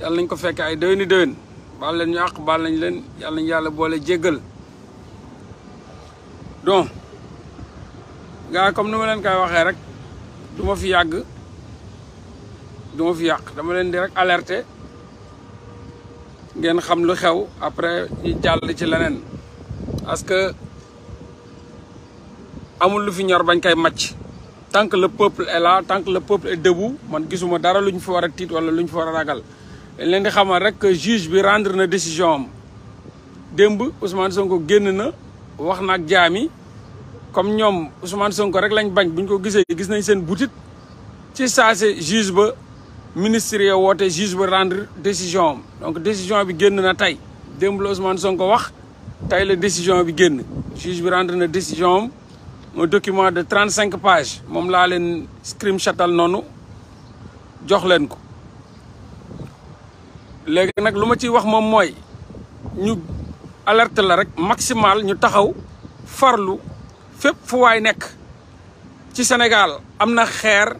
yàlla nañ ko fekk ay déwéni déwén baal leen ñu baal nañ leen yàlla yàlla boole jéggal donc gars comme ni leen koy waxee rek du fi yàgg du fi yàq dama leen di rek alerter ngeen xam lu xew après ñu jàll ci leneen parce que amul lu fi ñor bañ koy màcc tant la le peuple est la tant que le peuple est debout man gisuma dara lu ñu fi war a tiit wala lu fi war a ragal dañ leen di xamal rek que bi rendre na décision am démb Ousmane Sonko génn na wax na ak jaam yi comme ñoom Ousmane Sonko rek lañ bañ buñ ko gisee gis nañ seen butit ci saase juge ba ministre ya woote juge ba rendre décision am donc décision bi génn na tey démb la Ousmane Sonko wax tey la décision bi génn juge bi rendre na décision am un document de trente cinq pages moom laa leen screenshotal noonu jox leen ko léegi nag lu ma ci wax moom mooy ñu alerte la rek maximal ñu taxaw farlu fépp fu waay nekk ci Sénégal am na xeer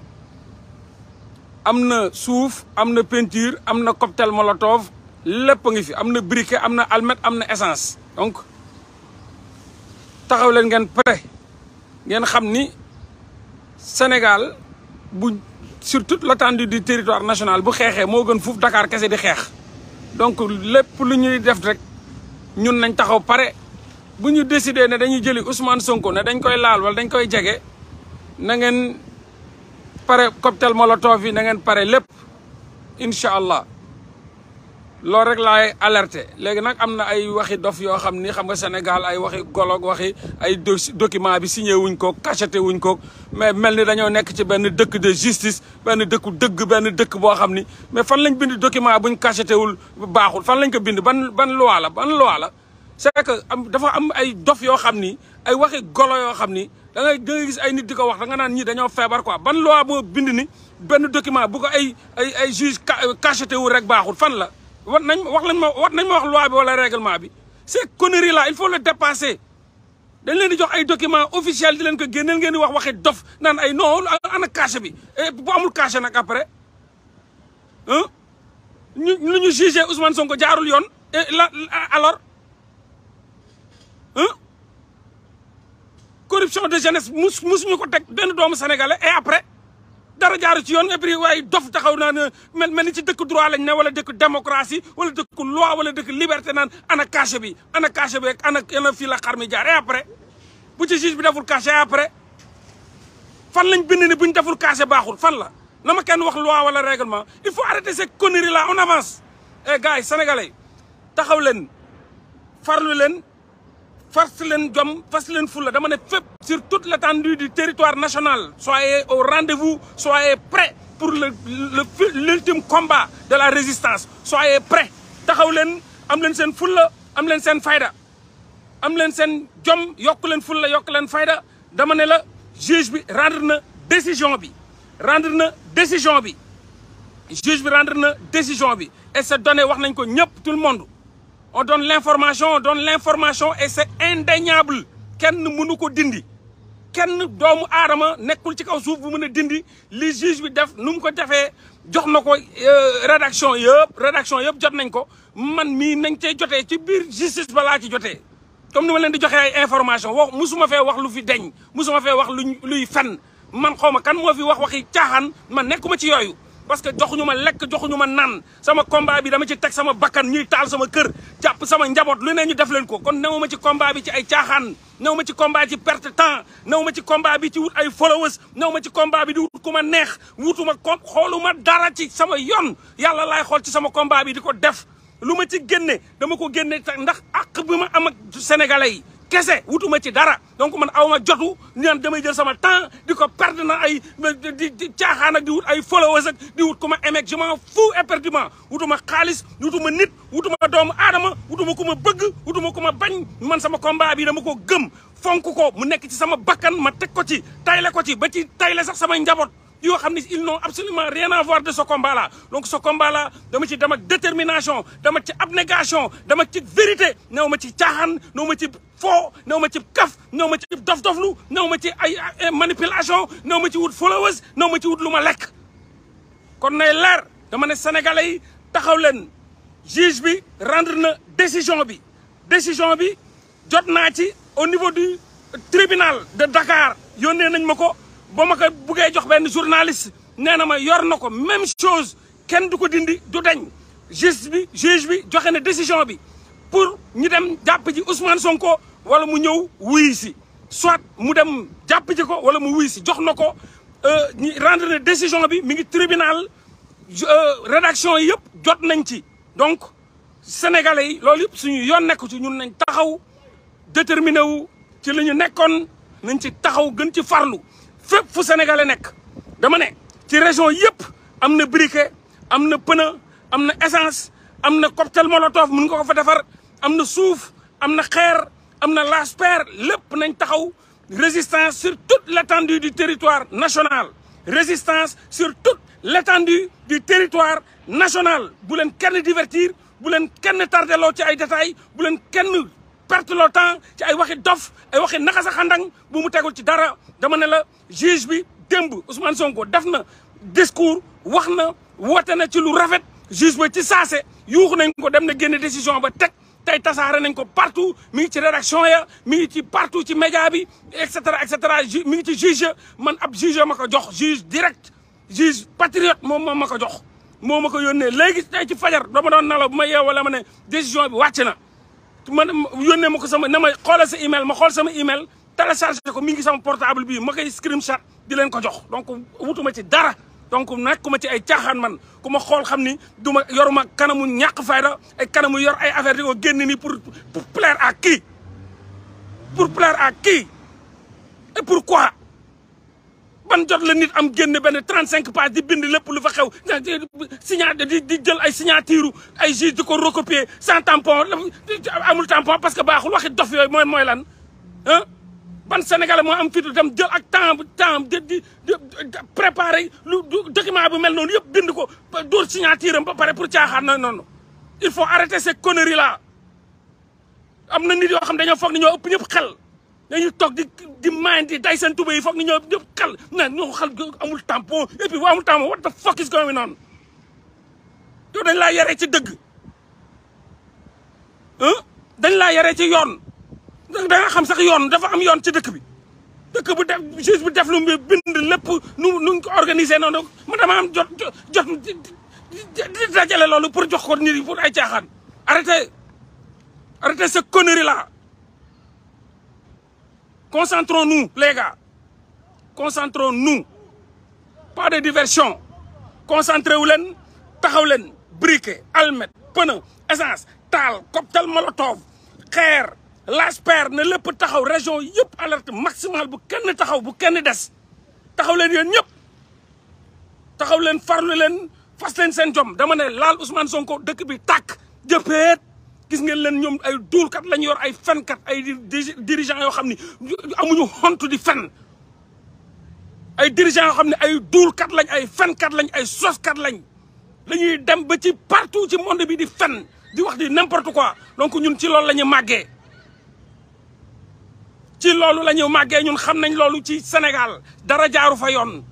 am na suuf am na peinture am na cocktail molotov lépp ngi fi am na briquet am na almet am na essence donc taxaw leen ngeen prêt ngeen xam ni Sénégal bu sur toute l'étendue du territoire national bu xeexee moo gën fuuf dakaar kese di xeex donc lépp lu ñuy def rek ñun nañ taxaw pare bu ñu décidé ne dañuy jëli Ousmane Sonko ne dañ koy laal wala dañ koy jege na ngeen pare cocktail molotov yi na ngeen pare lépp incha allah. loolu rek laay alerté léegi nag am na ay waxi dof yoo xam ni xam nga Sénégal ay waxi goloog waxi ay document bi signé wuñ ko cacheté wuñ ko mais mel ni dañoo nekk ci benn dëkk de justice benn dëkku dëgg benn dëkk boo xam ni mais fan lañ bind document buñ cacheté wul baaxul fan lañ ko bind ban ban loi ban loi la c'est que am dafa am ay dof yoo xam ni ay waxi golo yoo xam ni da ay nit di ko wax da nga naan ñi dañoo feebar quoi ban loi boo bind ni benn document bu ay ay ay juge cacheté wul rek baaxul fan la war nañ wax lañ ma war nañ ma wax loi bi wala règlement bi ces conneries là il faut le dépasser dañ leen di jox ay document officiels di leen ko génneel ngeen di wax waxi dof naan ay non ana cachet bi eh, bu amul cachet nag après ah ñu lu ñu jugé Ousmane Sonko jaarul yoon eh, la alors ah corruption de jeunesse mus mus ñu ko teg benn doomu sénégalais et après. dara jaaru ci yoon et puis waaye dof taxaw naa ne mel mel ni ci dëkk droit lañ ne wala dëkk démocratie wala dëkk loi wala dëkk liberté naan ana cachet bi ana cachet bi ana ana fii la xar mi jaar et après bu ci juge bi deful cachet après fan lañ bind bu buñ deful cachet baaxul fan la na ma kenn wax loi wala règlement il faut arrêter ces conneries là on avance eh gars yi sénégalais taxaw leen farlu leen fas leen jom fas leen fulla dama ne fépp sur toute l'étendue du territoire national soyez au rendez-vous soyez prêts pour le le l'ultime combat de la résistance soyez prêts taxaw leen am leen seen fulla am leen seen fayda am leen seen jom yokk leen fulla yokk leen fayda dama ne la juge bi rendre na décision bi rendre na décision bi juge bi rendre na décision bi et c'est wax nañ ko ñëpp tout le monde on donne l'information on donne l'information et c'est indéniable kenn mënu ko dindi kenn doomu aadama nekkul ci kaw suuf bu mën a dindi li juge bi def nu mu ko defee jox na ko euh, rédaction yëpp rédaction yëpp jot nañ ko man mii nañ cey jotee ci biir justice balaa ci jotee comme ni leen di joxee ay information wax musuma fee wax lu fi deñ musuma fee wax luñ luy fen man xaw ma kan moo fi wax waxi caaxaan man ma ci yooyu parce que joxuñu ma lekk joxuñu ma nan sama combat bi dama ci teg sama bakkan ñuy taal sama kër jàpp sama njaboot lu ne ñu def leen ko kon new ma ci combat bi ci ay caaxaan new ma ci combat ci perte temps new ma ci combat bi ci wut ay followers new ma ci combat bi di wut ku ma neex ma wutuma xoolu xooluma dara ci sama yoon yàlla laay xool ci sama combat bi di ko def lu ma ci génne dama ko génne ndax àq bi ma am ak sénégalais yi kese wutuma ci dara donc man awma jotu ñu naan damay jël sama temps di ko perdre na ay di caaxaan di wut ay followers ak di wut ku ma aimer je m'en fous wutuma xaalis wutuma nit wutuma doomu aadama wutuma ku ma bëgg wutuma ku ma bañ man sama combat bi dama ko gëm fonk ko mu nekk ci sama bakkan ma teg ko ci tayle ko ci ba ci tayle sax sama njaboot yoo xam ne ils n'ont absolument rien à voir de ce combat là donc ce combat là dama ci dem détermination dama ci abnégation dama ci vérité néew ma ci caaxaan néew ma ci foo néew ma ci kaf néew ma ci dof-doflu néew ma ci ay manipulation néew ma ci wut followers néew ma ci wut lu ma lekk kon nay leer dama ne sénégalais yi taxaw leen juge bi rendre na décision bi décision bi jot naa ci au niveau du tribunal de Dakar yónnee nañ ma ko ba ma ko buggee jox benn journaliste nee na ma yor na ko même chose kenn du ko dindi du dañ juge bi juge bi joxe na décision bi pour ñu dem jàpp ji Ousmane Sonko wala mu ñëw wuyu si soit mu dem jàpp ji ko wala mu wuyu si jox na ko euh, ñu rendre na décision bi mi ngi tribunal euh, rédaction yi yëpp jot nañ ci donc sénégalais yi loolu yëpp suñu yoon nekk ci ñun nañ taxaw déterminé wu ci la ñu nekkoon nañ ci taxaw gën ci farlu fépp fu sénégale nekk dama ne ci région yëpp am na briquet am na pneu am na essance am na cocktail molotov mu nga ko fa defar am na suuf am na xeer am na lasper lépp nañ taxaw résistance sur toute l'étendue du territoire national résistance sur toute l'étendue du territoire nationale bu leen kenn divertir bu leen kenn tardeloo ci ay détails bu leen kenn perte le temps ci ay waxi dof ay waxi naxasa xandang bu mu tegul ci dara dama ne la juge bi démb Ousmane Sonko def na discours wax na woote na ci lu rafet juge ba ci saase yuuxu nañ ko dem na génne décision ba teg tey tasaare nañ ko partout mi ngi ci rédaction ya mi ci partout ci média bi et cetera et cetera mi ngi ci juge man ab juge ma ko jox juge direct juge patriote moom moom ma ko jox moo ma ko yónnee léegi tey ci fajar dama doon nalaw bu ma yeewoo la ma ne décision bi wàcc na man yónnee ma ko sama na ma xoolal sa email ma xool sama email téléchargé ko mi ngi sama portable bii ma koy screenshot di leen ko jox donc wutuma ci dara donc ma ci ay caaxaan man ku ma xool xam ni du ma yoruma kanamu ñàkk fayda ay kanamu yor ay affaire di ko génn ni pour pour plaire à qui pour plaire à qui et ban jot la nit am génn benn 35 pages di bind lépp lu fa xew signa di di jël ay signature ay juge di ko recopier sans tampon amul tampon parce que baaxul waxi dof yooyu mooy mooy lan ah ban sénégalais moo am fitu dem jël ak temps temps di di préparer lu document bu mel noonu yëpp bind ko dóor signature am ba pare pour caaxaan na noonu il faut arrêter ces conneries la am na nit yoo xam dañoo foog ni ñoo ëpp ñëpp xel dañu toog di di maan di day seen tuba yi foog ni ñoo ñëpp xal na ñoo xal amul tampon et puis bu amul tampon what the fuck is going on yow dañ laa yaree ci dëgg dañ laa yaree ci yoon da nga xam sax yoon dafa am yoon ci dëkk bi dëkk bu def juge bu def lu mu bind lépp nu nuñ ko organiser noonu man dama am jot jot dajale loolu pour jox ko nit yi pour ay caaxaan arrêté arrêté sa Concentrons-nous, les gars. Concentrons-nous. Pas de diversion. Concentrez-vous, taxawleen briquet almet pneu essence taal cocktail molotov xeer lasper ne lépp taxaw région yëpp alerte maximale bu kenn taxaw bu kenn des taxaw leen yéen ñëpp taxaw leen farlu leen fas leen seen jom dama ne laal Ousmane Sonko dëkk bi tàkk jëppeet ngeen leen ñoom ay duulkat lañ yor ay fenkat ay dirigeant yoo xam ni amuñu xont di fen ay dirigeant yoo xam ne ay duulkat lañ ay fenkat lañ ay soskat lañ lañuy dem ba ci partout ci monde bi di fen di wax di n'importe quoi donc ñun ci loolu lañuy ñu ci loolu la ñu màggee ñun xam nañ loolu ci Sénégal dara jaaru fa yoon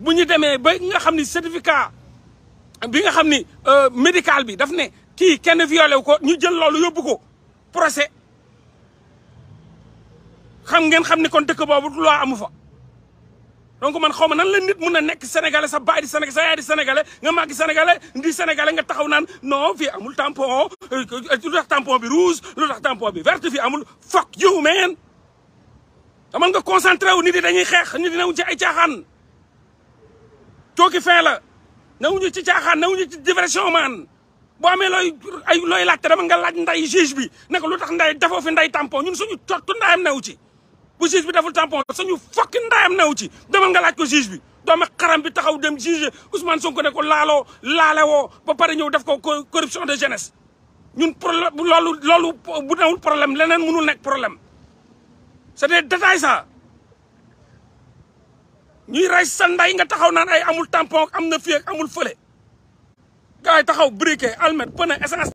bu ñu demee ba nga xam ni certificat bi nga xam ni euh, médical bi daf ne kii kenn violé wu ko ñu jël loolu yóbbu ko procès xam ngeen xam ni kon dëkk boobu loi amu fa. donc man xaw ma nan la nit mun a nekk sénégalais sa baay di sénégalais sa yaay di sénégalais nga màgg sénégalais ndi sénégalais nga taxaw naan non fii amul tampon euh, lu tax bi rouge lu tax bi verte fii amul fuck you man. dama nga concentré wu nit dañuy xeex nit yi newuñ ci ay caaxaan nawuñu ci caaxaan nawuñu ci diversion man boo amee looy ay looy laajte dama nga laaj nday juge bi nekk lu tax nday defoo fi nday tampon ñun suñu cottu ndayam na ci bu juge bi deful tampon suñu fokki ndayam newu ci demal nga laaj ko juge bi doomu xaram bi taxaw dem juge Ousmane Sonko ne ko laaloo laalewoo ba pare ñëw def ko corruption de jeunesse ñun problème loolu loolu bu newul problème leneen mënul nekk problème c'est des détails ça ñuy rey sa nday nga taxaw naan ay amul tampon am na fii amul fële gars yi taxaw briquet almet pneu essence